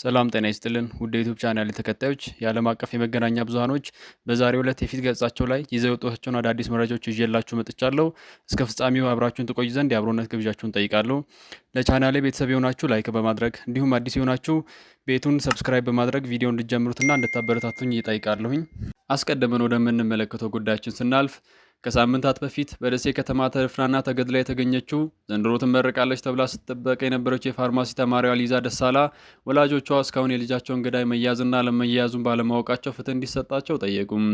ሰላም ጤና ይስጥልን ውድ ዩቱብ ቻናል ተከታዮች፣ የዓለም አቀፍ የመገናኛ ብዙሃኖች በዛሬው ዕለት የፊት ገጻቸው ላይ ይዘው የወጡታቸውን አዳዲስ መረጃዎች ይዤላችሁ መጥቻለሁ። እስከ ፍጻሜው አብራችሁን ትቆዩ ዘንድ የአብሮነት ግብዣችሁን ጠይቃለሁ። ለቻናሌ ቤተሰብ የሆናችሁ ላይክ በማድረግ እንዲሁም አዲስ የሆናችሁ ቤቱን ሰብስክራይብ በማድረግ ቪዲዮ እንድጀምሩትና እንድታበረታቱኝ እጠይቃለሁኝ። አስቀድመን ወደምንመለከተው ጉዳያችን ስናልፍ ከሳምንታት በፊት በደሴ ከተማ ተደፍራና ተገድላ የተገኘችው ዘንድሮ ትመረቃለች ተብላ ስትጠበቅ የነበረችው የፋርማሲ ተማሪዋ ሊዛ ደሳላ ወላጆቿ እስካሁን የልጃቸውን ገዳይ መያዝና ለመያዙን ባለማወቃቸው ፍትህ እንዲሰጣቸው ጠየቁም።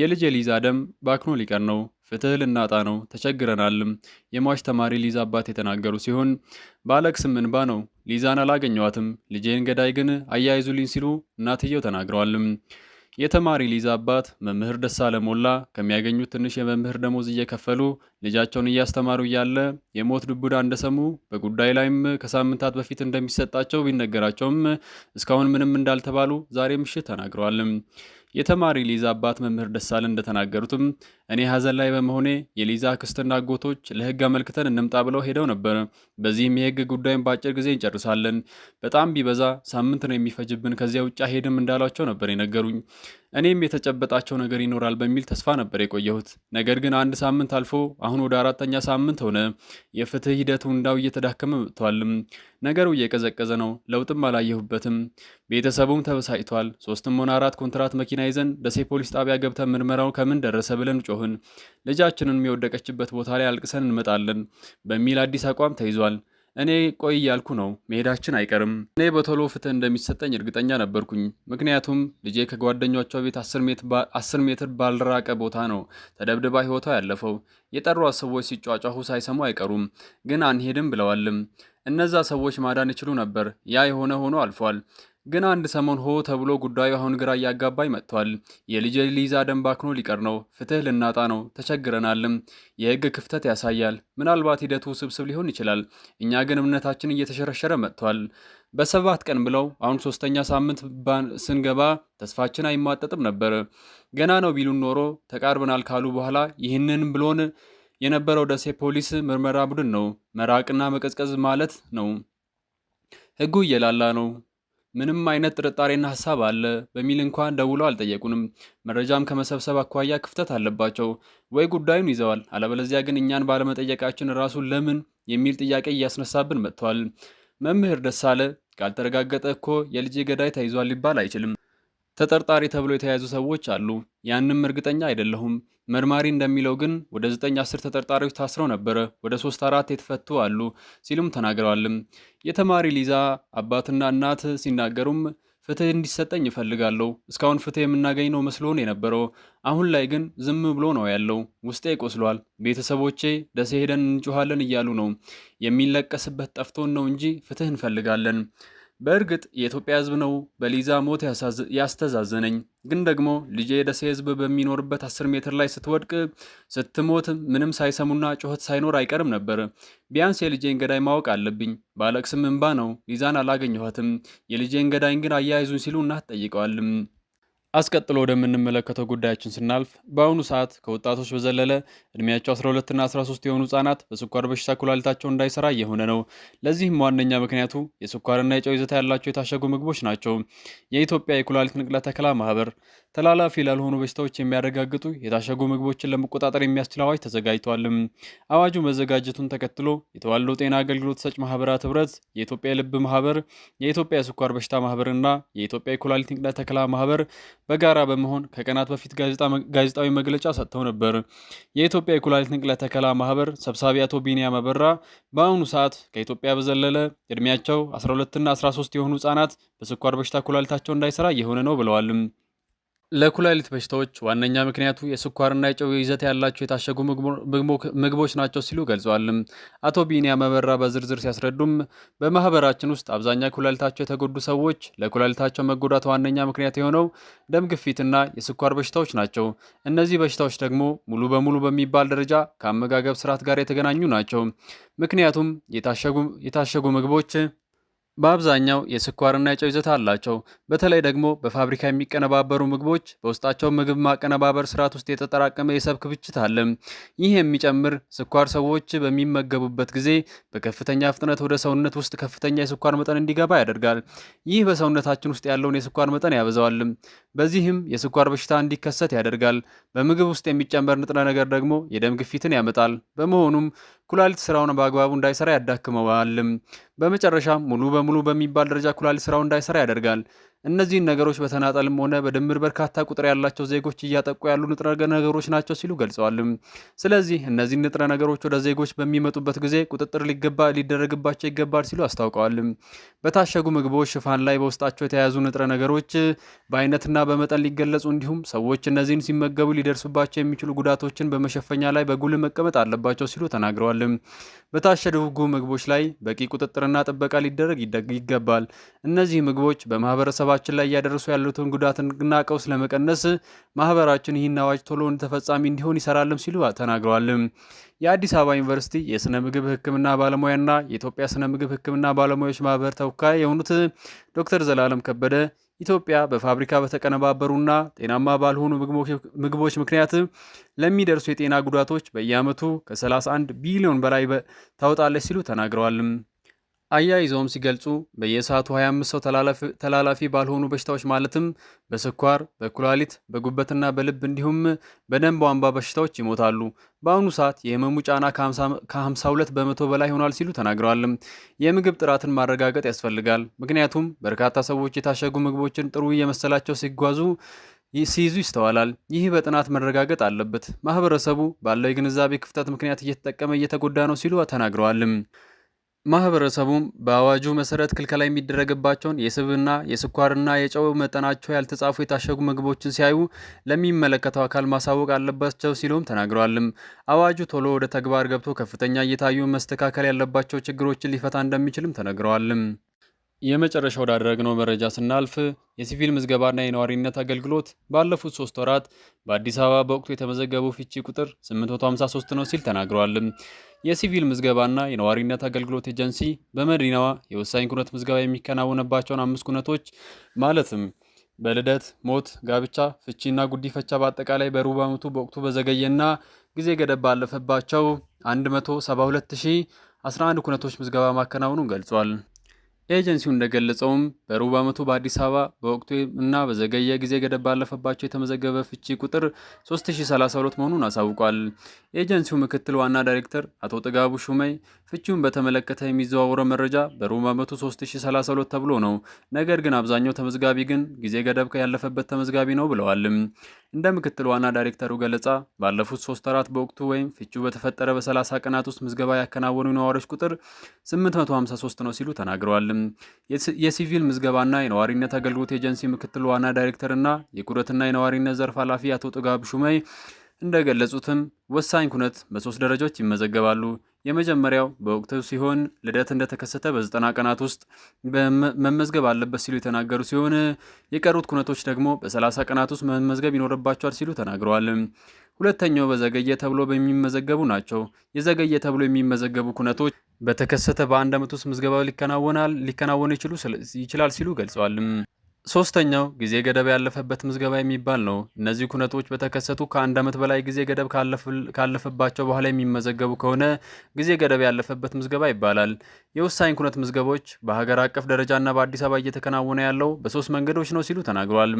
የልጅ የሊዛ ደም ባክኖ ሊቀር ነው። ፍትህ ልናጣ ነው። ተቸግረናልም የሟች ተማሪ ሊዛ አባት የተናገሩ ሲሆን በአለቅስም እንባ ነው። ሊዛን አላገኘዋትም፣ ልጄን ገዳይ ግን አያይዙልኝ ሲሉ እናትየው ተናግረዋልም። የተማሪ ሊዝ አባት መምህር ደሳለሞላ ከሚያገኙት ትንሽ የመምህር ደሞዝ እየከፈሉ ልጃቸውን እያስተማሩ እያለ የሞት ድቡዳ እንደሰሙ በጉዳይ ላይም ከሳምንታት በፊት እንደሚሰጣቸው ቢነገራቸውም እስካሁን ምንም እንዳልተባሉ ዛሬ ምሽት ተናግረዋል። የተማሪ ሊዛ አባት መምህር ደሳል እንደተናገሩትም እኔ ሀዘን ላይ በመሆኔ የሊዛ ክስትና አጎቶች ለህግ አመልክተን እንምጣ ብለው ሄደው ነበር። በዚህም የህግ ጉዳይን በአጭር ጊዜ እንጨርሳለን፣ በጣም ቢበዛ ሳምንት ነው የሚፈጅብን፣ ከዚያ ውጭ ሄድም እንዳሏቸው ነበር የነገሩኝ። እኔም የተጨበጣቸው ነገር ይኖራል በሚል ተስፋ ነበር የቆየሁት። ነገር ግን አንድ ሳምንት አልፎ አሁን ወደ አራተኛ ሳምንት ሆነ። የፍትህ ሂደቱ እንዳው እየተዳከመ መጥቷልም። ነገሩ እየቀዘቀዘ ነው። ለውጥም አላየሁበትም። ቤተሰቡም ተበሳጭቷል። ሶስትም ሆነ አራት ኮንትራት መኪና ይዘን ደሴ ፖሊስ ጣቢያ ገብተን ምርመራው ከምን ደረሰ ብለን ጮህን። ልጃችንን የወደቀችበት ቦታ ላይ አልቅሰን እንመጣለን በሚል አዲስ አቋም ተይዟል። እኔ ቆይ እያልኩ ነው፣ መሄዳችን አይቀርም። እኔ በቶሎ ፍትህ እንደሚሰጠኝ እርግጠኛ ነበርኩኝ። ምክንያቱም ልጄ ከጓደኞቿ ቤት አስር ሜትር ባልራቀ ቦታ ነው ተደብድባ ህይወቷ ያለፈው። የጠሯ ሰዎች ሲጯጫሁ ሳይሰሙ አይቀሩም፣ ግን አንሄድም ብለዋልም። እነዛ ሰዎች ማዳን ይችሉ ነበር። ያ የሆነ ሆኖ አልፏል። ግን አንድ ሰሞን ሆ ተብሎ ጉዳዩ አሁን ግራ እያጋባኝ መጥቷል። የልጅ ሊዛ ደም ባክኖ ሊቀር ነው። ፍትህ ልናጣ ነው። ተቸግረናልም። የህግ ክፍተት ያሳያል። ምናልባት ሂደቱ ውስብስብ ሊሆን ይችላል። እኛ ግን እምነታችን እየተሸረሸረ መጥቷል። በሰባት ቀን ብለው አሁን ሶስተኛ ሳምንት ስንገባ ተስፋችን አይሟጠጥም ነበር። ገና ነው ቢሉን ኖሮ ተቃርበናል ካሉ በኋላ ይህንን ብሎን የነበረው ደሴ ፖሊስ ምርመራ ቡድን ነው። መራቅና መቀዝቀዝ ማለት ነው። ህጉ እየላላ ነው። ምንም አይነት ጥርጣሬና ሀሳብ አለ በሚል እንኳን ደውለው አልጠየቁንም። መረጃም ከመሰብሰብ አኳያ ክፍተት አለባቸው ወይ ጉዳዩን ይዘዋል፣ አለበለዚያ ግን እኛን ባለመጠየቃችን ራሱ ለምን የሚል ጥያቄ እያስነሳብን መጥተዋል። መምህር ደሳለ ካልተረጋገጠ እኮ የልጄ ገዳይ ተይዟል ሊባል አይችልም። ተጠርጣሪ ተብሎ የተያዙ ሰዎች አሉ። ያንም እርግጠኛ አይደለሁም። መርማሪ እንደሚለው ግን ወደ 9-10 ተጠርጣሪዎች ታስረው ነበረ፣ ወደ ሶስት አራት የተፈቱ አሉ ሲሉም ተናግረዋልም። የተማሪ ሊዛ አባትና እናት ሲናገሩም ፍትህ እንዲሰጠኝ እፈልጋለሁ። እስካሁን ፍትህ የምናገኝ ነው መስሎን የነበረው፣ አሁን ላይ ግን ዝም ብሎ ነው ያለው። ውስጤ ቆስሏል። ቤተሰቦቼ ደሴ ሄደን እንጮኋለን እያሉ ነው። የሚለቀስበት ጠፍቶን ነው እንጂ ፍትህ እንፈልጋለን። በእርግጥ የኢትዮጵያ ህዝብ ነው በሊዛ ሞት ያስተዛዘነኝ። ግን ደግሞ ልጄ የደሴ ህዝብ በሚኖርበት አስር ሜትር ላይ ስትወድቅ ስትሞት ምንም ሳይሰሙና ጩኸት ሳይኖር አይቀርም ነበር። ቢያንስ የልጄን ገዳይ ማወቅ አለብኝ። ባለቅስም እንባ ነው። ሊዛን አላገኘኋትም። የልጄን ገዳይን ግን አያይዙን ሲሉ እናት ጠይቀዋልም። አስቀጥሎ ወደምንመለከተው ጉዳያችን ስናልፍ በአሁኑ ሰዓት ከወጣቶች በዘለለ እድሜያቸው 12ና 13 የሆኑ ህጻናት በስኳር በሽታ ኩላሊታቸው እንዳይሰራ እየሆነ ነው። ለዚህም ዋነኛ ምክንያቱ የስኳርና የጨው ይዘታ ያላቸው የታሸጉ ምግቦች ናቸው። የኢትዮጵያ የኩላሊት ንቅለ ተከላ ማህበር ተላላፊ ላልሆኑ በሽታዎች የሚያረጋግጡ የታሸጉ ምግቦችን ለመቆጣጠር የሚያስችል አዋጅ ተዘጋጅቷልም። አዋጁ መዘጋጀቱን ተከትሎ የተዋለው ጤና አገልግሎት ሰጭ ማህበራት ህብረት፣ የኢትዮጵያ የልብ ማህበር፣ የኢትዮጵያ የስኳር በሽታ ማህበርና የኢትዮጵያ የኩላሊት ንቅለ ተከላ ማህበር በጋራ በመሆን ከቀናት በፊት ጋዜጣዊ መግለጫ ሰጥተው ነበር። የኢትዮጵያ የኩላሊት ንቅለ ተከላ ማህበር ሰብሳቢ አቶ ቢኒያ መበራ በአሁኑ ሰዓት ከኢትዮጵያ በዘለለ እድሜያቸው 12ና 13 የሆኑ ህጻናት በስኳር በሽታ ኩላሊታቸው እንዳይሰራ እየሆነ ነው ብለዋልም። ለኩላሊት በሽታዎች ዋነኛ ምክንያቱ የስኳርና የጨው ይዘት ያላቸው የታሸጉ ምግቦች ናቸው ሲሉ ገልጸዋል። አቶ ቢኒያ መበራ በዝርዝር ሲያስረዱም በማህበራችን ውስጥ አብዛኛው ኩላሊታቸው የተጎዱ ሰዎች ለኩላሊታቸው መጎዳት ዋነኛ ምክንያት የሆነው ደም ግፊትና የስኳር በሽታዎች ናቸው። እነዚህ በሽታዎች ደግሞ ሙሉ በሙሉ በሚባል ደረጃ ከአመጋገብ ስርዓት ጋር የተገናኙ ናቸው። ምክንያቱም የታሸጉ ምግቦች በአብዛኛው የስኳርና የጨው ይዘት አላቸው። በተለይ ደግሞ በፋብሪካ የሚቀነባበሩ ምግቦች በውስጣቸው ምግብ ማቀነባበር ስርዓት ውስጥ የተጠራቀመ የሰብ ክብችት አለ። ይህ የሚጨምር ስኳር ሰዎች በሚመገቡበት ጊዜ በከፍተኛ ፍጥነት ወደ ሰውነት ውስጥ ከፍተኛ የስኳር መጠን እንዲገባ ያደርጋል። ይህ በሰውነታችን ውስጥ ያለውን የስኳር መጠን ያበዛዋል። በዚህም የስኳር በሽታ እንዲከሰት ያደርጋል። በምግብ ውስጥ የሚጨመር ንጥረ ነገር ደግሞ የደም ግፊትን ያመጣል። በመሆኑም ኩላሊት ስራውን በአግባቡ እንዳይሰራ ያዳክመዋልም። በመጨረሻም ሙሉ በሙሉ በሚባል ደረጃ ኩላሊት ስራው እንዳይሰራ ያደርጋል። እነዚህን ነገሮች በተናጠልም ሆነ በድምር በርካታ ቁጥር ያላቸው ዜጎች እያጠቁ ያሉ ንጥረ ነገሮች ናቸው ሲሉ ገልጸዋል። ስለዚህ እነዚህ ንጥረ ነገሮች ወደ ዜጎች በሚመጡበት ጊዜ ቁጥጥር ሊገባ ሊደረግባቸው ይገባል ሲሉ አስታውቀዋል። በታሸጉ ምግቦች ሽፋን ላይ በውስጣቸው የተያዙ ንጥረ ነገሮች በአይነትና በመጠን ሊገለጹ እንዲሁም ሰዎች እነዚህን ሲመገቡ ሊደርሱባቸው የሚችሉ ጉዳቶችን በመሸፈኛ ላይ በጉል መቀመጥ አለባቸው ሲሉ ተናግረዋል። በታሸጉ ምግቦች ላይ በቂ ቁጥጥርና ጥበቃ ሊደረግ ይገባል። እነዚህ ምግቦች በማህበረሰብ በህብረተሰባችን ላይ እያደረሱ ያሉትን ጉዳትና ቀውስ ለመቀነስ ማህበራችን ይህን አዋጅ ቶሎ ተፈጻሚ እንዲሆን ይሰራልም ሲሉ ተናግረዋል። የአዲስ አበባ ዩኒቨርሲቲ የስነ ምግብ ሕክምና ባለሙያና የኢትዮጵያ ስነ ምግብ ሕክምና ባለሙያዎች ማህበር ተወካይ የሆኑት ዶክተር ዘላለም ከበደ ኢትዮጵያ በፋብሪካ በተቀነባበሩና ጤናማ ባልሆኑ ምግቦች ምክንያት ለሚደርሱ የጤና ጉዳቶች በየዓመቱ ከ31 ቢሊዮን በላይ ታወጣለች ሲሉ ተናግረዋል። አያይዘውም ሲገልጹ በየሰዓቱ 25 ሰው ተላላፊ ባልሆኑ በሽታዎች ማለትም በስኳር፣ በኩላሊት፣ በጉበትና በልብ እንዲሁም በደም ቧንቧ በሽታዎች ይሞታሉ። በአሁኑ ሰዓት የህመሙ ጫና ከ52 በመቶ በላይ ሆኗል ሲሉ ተናግረዋል። የምግብ ጥራትን ማረጋገጥ ያስፈልጋል። ምክንያቱም በርካታ ሰዎች የታሸጉ ምግቦችን ጥሩ እየመሰላቸው ሲጓዙ ሲይዙ ይስተዋላል። ይህ በጥናት መረጋገጥ አለበት። ማህበረሰቡ ባለው የግንዛቤ ክፍተት ምክንያት እየተጠቀመ እየተጎዳ ነው ሲሉ ተናግረዋል። ማህበረሰቡም በአዋጁ መሰረት ክልከላ የሚደረግባቸውን የስብና የስኳርና የጨው መጠናቸው ያልተጻፉ የታሸጉ ምግቦችን ሲያዩ ለሚመለከተው አካል ማሳወቅ አለባቸው ሲሉም ተናግረዋልም። አዋጁ ቶሎ ወደ ተግባር ገብቶ ከፍተኛ እየታዩ መስተካከል ያለባቸው ችግሮችን ሊፈታ እንደሚችልም ተነግረዋልም። የመጨረሻ ወዳደረግነው መረጃ ስናልፍ የሲቪል ምዝገባና የነዋሪነት አገልግሎት ባለፉት ሶስት ወራት በአዲስ አበባ በወቅቱ የተመዘገበው ፍቺ ቁጥር 853 ነው ሲል ተናግረዋል። የሲቪል ምዝገባና የነዋሪነት አገልግሎት ኤጀንሲ በመዲናዋ የወሳኝ ኩነት ምዝገባ የሚከናወንባቸውን አምስት ኩነቶች ማለትም በልደት፣ ሞት፣ ጋብቻ፣ ፍቺና ጉዲፈቻ በአጠቃላይ በሩብ ዓመቱ በወቅቱ በዘገየና ጊዜ ገደብ ባለፈባቸው 172011 ኩነቶች ምዝገባ ማከናወኑን ገልጿል። ኤጀንሲው እንደገለጸውም በሩብ ዓመቱ በአዲስ አበባ በወቅቱ እና በዘገየ ጊዜ ገደብ ባለፈባቸው የተመዘገበ ፍቺ ቁጥር 3032 መሆኑን አሳውቋል። ኤጀንሲው ምክትል ዋና ዳይሬክተር አቶ ጥጋቡ ሹመይ ፍቺውን በተመለከተ የሚዘዋውረው መረጃ በሩብ ዓመቱ 3032 ተብሎ ነው፣ ነገር ግን አብዛኛው ተመዝጋቢ ግን ጊዜ ገደብ ያለፈበት ተመዝጋቢ ነው ብለዋል። እንደ ምክትል ዋና ዳይሬክተሩ ገለጻ ባለፉት ሶስት ወራት በወቅቱ ወይም ፍቺው በተፈጠረ በ30 ቀናት ውስጥ ምዝገባ ያከናወኑ ነዋሪዎች ቁጥር 853 ነው ሲሉ ተናግረዋል። የሲቪል ምዝገባና የነዋሪነት አገልግሎት ኤጀንሲ ምክትል ዋና ዳይሬክተርና የኩረትና የነዋሪነት ዘርፍ ኃላፊ አቶ ጥጋብ ሹመይ እንደገለጹትም ወሳኝ ኩነት በሶስት ደረጃዎች ይመዘገባሉ። የመጀመሪያው በወቅቱ ሲሆን ልደት እንደተከሰተ በዘጠና ቀናት ውስጥ መመዝገብ አለበት ሲሉ የተናገሩ ሲሆን የቀሩት ኩነቶች ደግሞ በሰላሳ ቀናት ውስጥ መመዝገብ ይኖርባቸዋል ሲሉ ተናግረዋል። ሁለተኛው በዘገየ ተብሎ በሚመዘገቡ ናቸው። የዘገየ ተብሎ የሚመዘገቡ ኩነቶች በተከሰተ በአንድ ዓመት ውስጥ መዝገባ ሊከናወናል ሊከናወኑ ይችላል ሲሉ ገልጸዋል። ሶስተኛው ጊዜ ገደብ ያለፈበት ምዝገባ የሚባል ነው። እነዚህ ኩነቶች በተከሰቱ ከአንድ ዓመት በላይ ጊዜ ገደብ ካለፈባቸው በኋላ የሚመዘገቡ ከሆነ ጊዜ ገደብ ያለፈበት ምዝገባ ይባላል። የውሳኝ ኩነት ምዝገባዎች በሀገር አቀፍ ደረጃና በአዲስ አበባ እየተከናወነ ያለው በሶስት መንገዶች ነው ሲሉ ተናግሯል።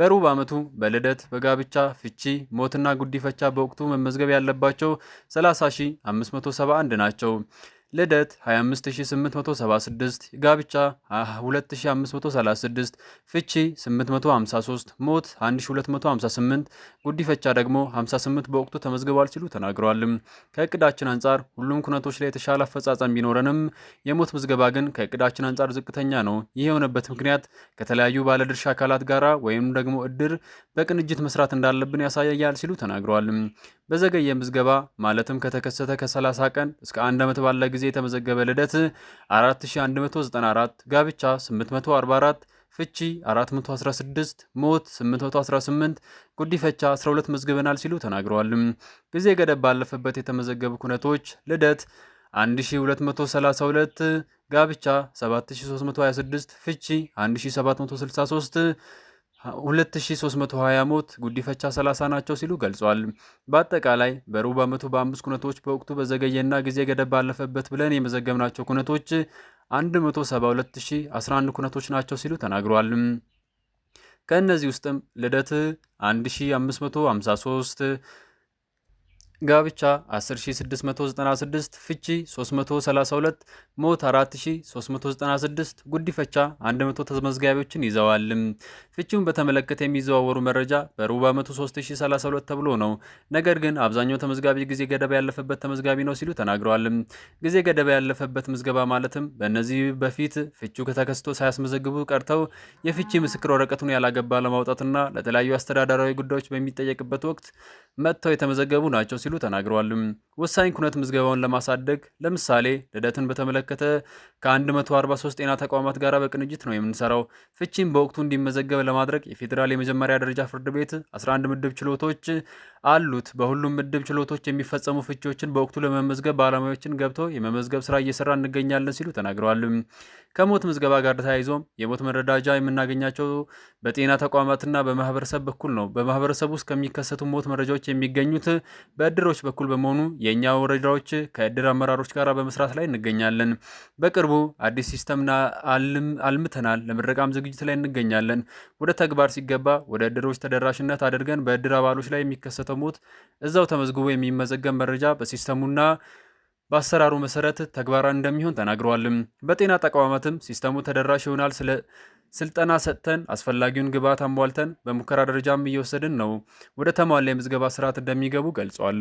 በሩብ ዓመቱ በልደት፣ በጋብቻ፣ ፍቺ፣ ሞትና ጉዲፈቻ በወቅቱ መመዝገብ ያለባቸው 30571 ናቸው። ልደት 25876፣ ጋብቻ 2536፣ ፍቺ 853፣ ሞት 1258፣ ጉዲፈቻ ደግሞ 58 በወቅቱ ተመዝግቧል ሲሉ ተናግረዋልም። ከእቅዳችን አንጻር ሁሉም ኩነቶች ላይ የተሻለ አፈጻጸም ቢኖረንም የሞት ምዝገባ ግን ከእቅዳችን አንጻር ዝቅተኛ ነው። ይህ የሆነበት ምክንያት ከተለያዩ ባለድርሻ አካላት ጋራ ወይም ደግሞ እድር በቅንጅት መስራት እንዳለብን ያሳያል ሲሉ ተናግረዋልም። በዘገየ ምዝገባ ማለትም ከተከሰተ ከ30 ቀን እስከ አንድ ዓመት ባለ ጊዜ የተመዘገበ ልደት 4194፣ ጋብቻ 844፣ ፍቺ 416፣ ሞት 818፣ ጉዲፈቻ 12 መዝግበናል ሲሉ ተናግረዋል። ጊዜ ገደብ ባለፈበት የተመዘገቡ ኩነቶች ልደት 1232፣ ጋብቻ 7326፣ ፍቺ 1763 2320 ሞት ጉዲፈቻ 30 ናቸው ሲሉ ገልጿል። በአጠቃላይ በሩብ ዓመቱ በአምስት ኩነቶች በወቅቱ በዘገየና ጊዜ ገደብ ባለፈበት ብለን የመዘገብናቸው ኩነቶች 172011 ኩነቶች ናቸው ሲሉ ተናግሯል። ከእነዚህ ውስጥም ልደት 1553 ጋብቻ 10696 ፍቺ 332 ሞት 4396 ጉዲፈቻ 100 ተመዝጋቢዎችን ይዘዋል ፍቺውን በተመለከተ የሚዘዋወሩ መረጃ በሩብ ዓመቱ 3032 ተብሎ ነው። ነገር ግን አብዛኛው ተመዝጋቢ ጊዜ ገደባ ያለፈበት ተመዝጋቢ ነው ሲሉ ተናግረዋል። ጊዜ ገደባ ያለፈበት ምዝገባ ማለትም በእነዚህ በፊት ፍቺው ከተከስቶ ሳያስመዘግቡ ቀርተው የፍቺ ምስክር ወረቀቱን ያላገባ ለማውጣትና ለተለያዩ አስተዳደራዊ ጉዳዮች በሚጠየቅበት ወቅት መጥተው የተመዘገቡ ናቸው እንደሚችሉ ተናግረዋል። ወሳኝ ኩነት ምዝገባውን ለማሳደግ ለምሳሌ ልደትን በተመለከተ ከ143 ጤና ተቋማት ጋር በቅንጅት ነው የምንሰራው። ፍቺን በወቅቱ እንዲመዘገብ ለማድረግ የፌዴራል የመጀመሪያ ደረጃ ፍርድ ቤት 11 ምድብ ችሎቶች አሉት። በሁሉም ምድብ ችሎቶች የሚፈጸሙ ፍቺዎችን በወቅቱ ለመመዝገብ ባለሙያዎችን ገብቶ የመመዝገብ ስራ እየሰራ እንገኛለን ሲሉ ተናግረዋል። ከሞት ምዝገባ ጋር ተያይዞም የሞት መረዳጃ የምናገኛቸው በጤና ተቋማትና በማህበረሰብ በኩል ነው። በማህበረሰብ ውስጥ ከሚከሰቱ ሞት መረጃዎች የሚገኙት በእድር በእድሮች በኩል በመሆኑ የእኛ ወረዳዎች ከእድር አመራሮች ጋር በመስራት ላይ እንገኛለን። በቅርቡ አዲስ ሲስተም አልምተናል። ለምረቃም ዝግጅት ላይ እንገኛለን። ወደ ተግባር ሲገባ ወደ እድሮች ተደራሽነት አድርገን በእድር አባሎች ላይ የሚከሰተው ሞት እዛው ተመዝግቦ የሚመዘገብ መረጃ በሲስተሙና በአሰራሩ መሰረት ተግባራዊ እንደሚሆን ተናግረዋልም። በጤና ተቋማትም ሲስተሙ ተደራሽ ይሆናል ስለ ስልጠና ሰጥተን አስፈላጊውን ግብዓት አሟልተን በሙከራ ደረጃም እየወሰድን ነው። ወደ ተሟላ የምዝገባ ስርዓት እንደሚገቡ ገልጸዋል።